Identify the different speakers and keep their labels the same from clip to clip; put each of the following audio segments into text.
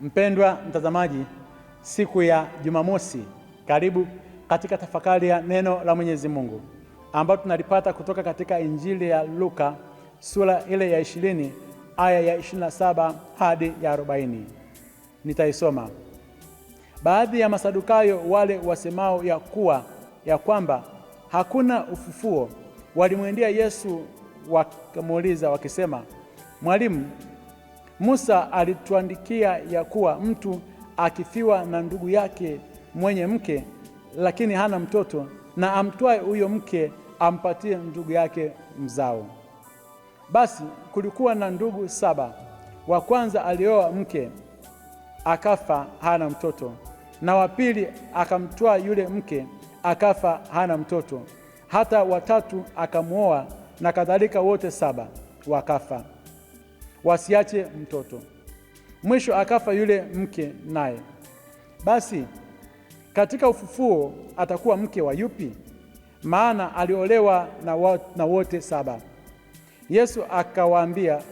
Speaker 1: Mpendwa mtazamaji, siku ya Jumamosi, karibu katika tafakari ya neno la Mwenyezi Mungu ambalo tunalipata kutoka katika Injili ya Luka sura ile ya 20 aya ya 27 na hadi ya arobaini. Nitaisoma. Baadhi ya Masadukayo wale wasemao ya kuwa ya kwamba hakuna ufufuo walimwendea Yesu wakamuuliza wakisema, Mwalimu, Musa alituandikia ya kuwa mtu akifiwa na ndugu yake mwenye mke lakini hana mtoto, na amtwae huyo mke ampatie ndugu yake mzao. Basi kulikuwa na ndugu saba. Wa kwanza alioa mke akafa hana mtoto, na wa pili akamtwaa yule mke akafa hana mtoto, hata watatu akamwoa, na kadhalika wote saba wakafa wasiache mtoto. Mwisho akafa yule mke naye. Basi katika ufufuo atakuwa mke wa yupi? Maana aliolewa na, wa, na wote saba. Yesu akawaambia,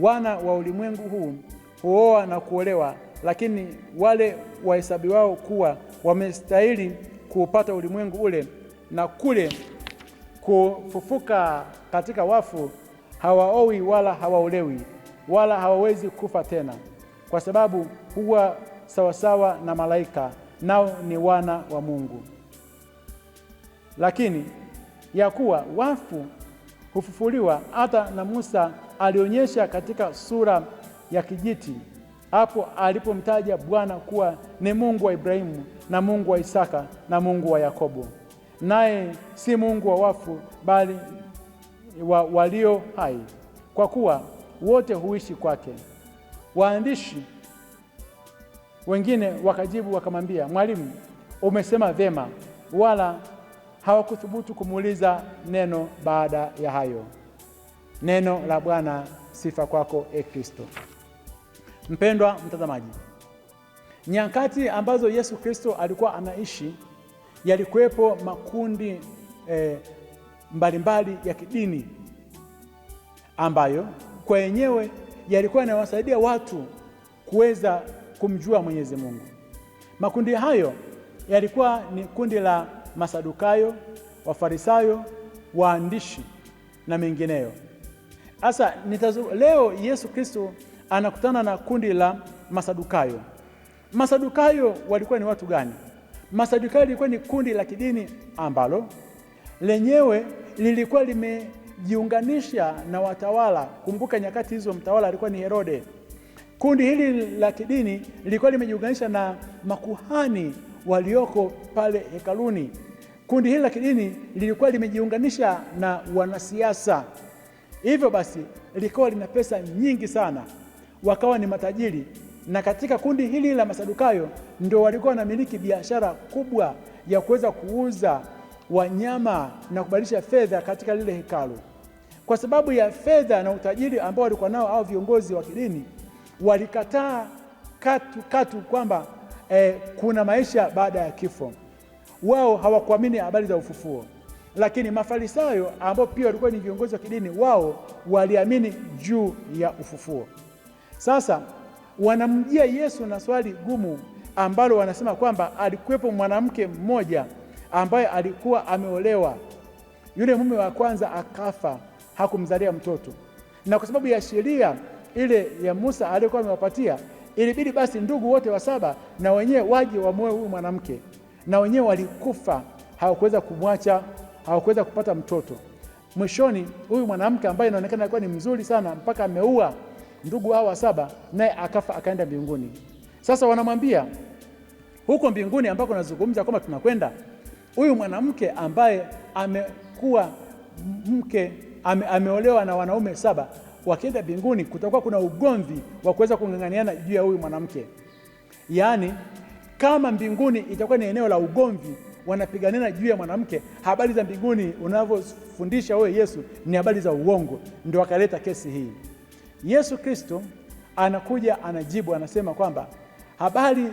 Speaker 1: wana wa ulimwengu huu huoa na kuolewa, lakini wale wahesabiwao kuwa wamestahili kuupata ulimwengu ule na kule kufufuka katika wafu hawaoi wala hawaolewi wala hawawezi kufa tena, kwa sababu huwa sawasawa na malaika, nao ni wana wa Mungu. Lakini ya kuwa wafu hufufuliwa, hata na Musa alionyesha katika sura ya kijiti, hapo alipomtaja Bwana kuwa ni Mungu wa Ibrahimu na Mungu wa Isaka na Mungu wa Yakobo, naye si Mungu wa wafu bali wa walio hai, kwa kuwa wote huishi kwake. Waandishi wengine wakajibu wakamwambia, Mwalimu, umesema vyema. Wala hawakuthubutu kumuuliza neno baada ya hayo. Neno la Bwana. Sifa kwako e Kristo. Mpendwa mtazamaji, nyakati ambazo Yesu Kristo alikuwa anaishi yalikuwepo makundi eh, mbalimbali ya kidini ambayo kwa yenyewe yalikuwa yanawasaidia watu kuweza kumjua Mwenyezi Mungu. Makundi hayo yalikuwa ni kundi la Masadukayo, Wafarisayo, waandishi na mengineyo. Sasa leo Yesu Kristo anakutana na kundi la Masadukayo. Masadukayo walikuwa ni watu gani? Masadukayo lilikuwa ni kundi la kidini ambalo lenyewe lilikuwa limejiunganisha na watawala. Kumbuka nyakati hizo mtawala alikuwa ni Herode. Kundi hili la kidini lilikuwa limejiunganisha na makuhani walioko pale hekaluni. Kundi hili la kidini lilikuwa limejiunganisha na wanasiasa. Hivyo basi likawa lina pesa nyingi sana, wakawa ni matajiri. Na katika kundi hili la Masadukayo ndio walikuwa wanamiliki biashara kubwa ya kuweza kuuza wanyama na kubadilisha fedha katika lile hekalu. Kwa sababu ya fedha na utajiri ambao walikuwa nao au viongozi wa kidini, walikataa katu katu kwamba eh, kuna maisha baada ya kifo. Wao hawakuamini habari za ufufuo, lakini Mafarisayo ambao pia walikuwa ni viongozi wa kidini, wao waliamini juu ya ufufuo. Sasa wanamjia Yesu na swali gumu ambalo wanasema kwamba alikuwepo mwanamke mmoja ambaye alikuwa ameolewa. Yule mume wa kwanza akafa, hakumzalia mtoto, na kwa sababu ya sheria ile ya Musa aliyokuwa amewapatia, ilibidi basi ndugu wote wa saba na wenyewe waje wamoe huyu mwanamke, na wenyewe walikufa, hawakuweza kumwacha, hawakuweza kupata mtoto. Mwishoni huyu mwanamke ambaye inaonekana alikuwa ni mzuri sana, mpaka ameua ndugu hao wa saba, naye akafa, akaenda mbinguni. Sasa wanamwambia huko mbinguni ambako nazungumza kwamba tunakwenda Huyu mwanamke ambaye amekuwa mke ame, ameolewa na wanaume saba, wakienda mbinguni kutakuwa kuna ugomvi wa kuweza kung'ang'aniana juu ya huyu mwanamke. Yaani kama mbinguni itakuwa ni eneo la ugomvi, wanapiganana juu ya mwanamke, habari za mbinguni unavyofundisha wewe Yesu ni habari za uongo. Ndio akaleta kesi hii. Yesu Kristo anakuja anajibu, anasema kwamba habari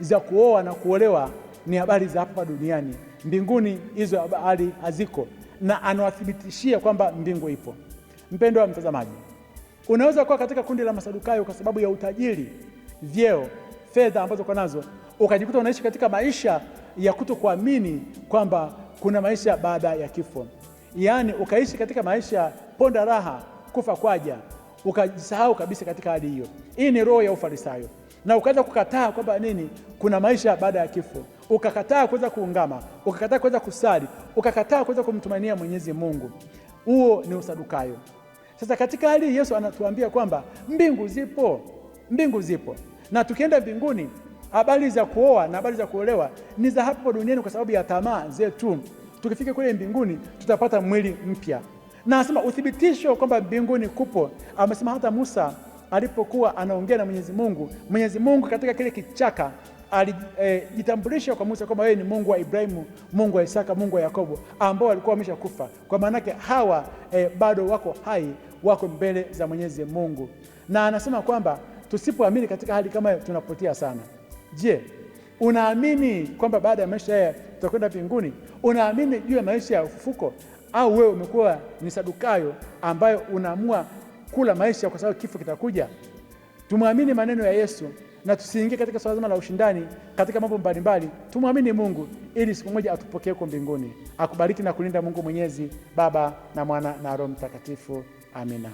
Speaker 1: za kuoa na kuolewa ni habari za hapa duniani. Mbinguni hizo habari haziko, na anawathibitishia kwamba mbingu ipo. Mpendo wa mtazamaji, unaweza kuwa katika kundi la Masadukayo kwa sababu ya utajiri, vyeo, fedha ambazo uko nazo, ukajikuta unaishi katika maisha ya kutokuamini kwamba kuna maisha baada ya kifo, yaani ukaishi katika maisha ponda raha, kufa kwaja, ukajisahau kabisa katika hali hiyo. Hii ni roho ya Ufarisayo, na ukaanza kukataa kwamba nini, kuna maisha baada ya kifo ukakataa kuweza kuungama, ukakataa kuweza kusali, ukakataa kuweza kumtumainia Mwenyezi Mungu, huo ni usadukayo. Sasa katika hali hii Yesu anatuambia kwamba mbingu zipo, mbingu zipo, na tukienda mbinguni habari za kuoa na habari za kuolewa ni za hapo duniani, kwa sababu ya tamaa zetu. Tukifika kule mbinguni tutapata mwili mpya, na anasema uthibitisho kwamba mbinguni kupo. Amesema hata Musa alipokuwa anaongea na Mwenyezi Mungu, Mwenyezi Mungu katika kile kichaka alijitambulisha eh, kwa Musa kwamba yeye ni Mungu wa Ibrahimu, Mungu wa Isaka, Mungu wa Yakobo, ambao walikuwa wameshakufa. Kwa yake hawa eh, bado wako hai, wako mbele za Mwenyezi Mungu, na anasema kwamba tusipoamini katika hali kama tunapotea sana. Je, unaamini kwamba baada ya maisha haya tutakwenda mbinguni? Unaamini juu ya maisha ya ufufuko, au wewe umekuwa ni Sadukayo ambayo unaamua kula maisha kwa sababu kifo kitakuja? Tumwamini maneno ya Yesu na tusiingie katika swala zima la ushindani katika mambo mbalimbali. Tumwamini Mungu ili siku moja atupokee huko mbinguni. Akubariki na kulinda Mungu Mwenyezi, Baba na Mwana na Roho Mtakatifu. Amina.